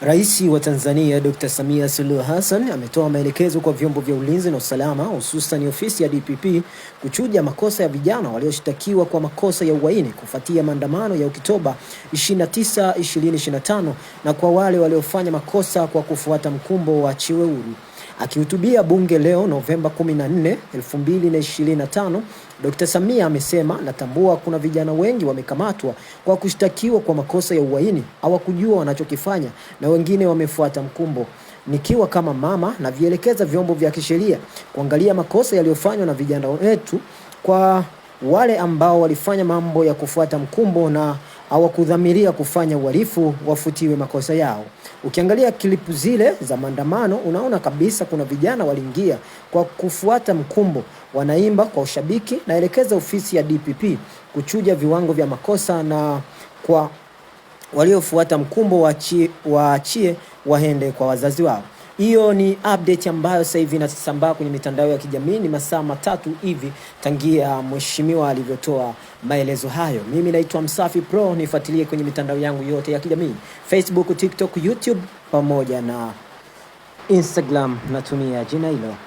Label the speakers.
Speaker 1: Rais wa Tanzania Dr. Samia Suluhu Hassan ametoa maelekezo kwa vyombo vya ulinzi na usalama hususan ofisi ya DPP kuchuja makosa ya vijana walioshtakiwa kwa makosa ya uhaini kufuatia maandamano ya Oktoba 29, 2025 na kwa wale waliofanya makosa kwa kufuata mkumbo wa huru. Akihutubia bunge leo Novemba 14, 2025, Dr. Samia amesema natambua kuna vijana wengi wamekamatwa kwa kushtakiwa kwa makosa ya uhaini, hawakujua wanachokifanya na wengine wamefuata mkumbo. Nikiwa kama mama na vielekeza vyombo vya kisheria kuangalia makosa yaliyofanywa na vijana wetu kwa wale ambao walifanya mambo ya kufuata mkumbo na hawakudhamiria kufanya uhalifu wafutiwe makosa yao. Ukiangalia klipu zile za maandamano, unaona kabisa kuna vijana waliingia kwa kufuata mkumbo, wanaimba kwa ushabiki. Naelekeza ofisi ya DPP kuchuja viwango vya makosa na kwa waliofuata mkumbo waachie, waachie waende kwa wazazi wao. Hiyo ni update ambayo sasa hivi inasambaa kwenye mitandao ya kijamii. Ni masaa matatu hivi tangia mheshimiwa alivyotoa maelezo hayo. Mimi naitwa Msafi Pro, nifuatilie kwenye mitandao yangu yote ya kijamii Facebook, TikTok, YouTube pamoja na Instagram, natumia jina hilo.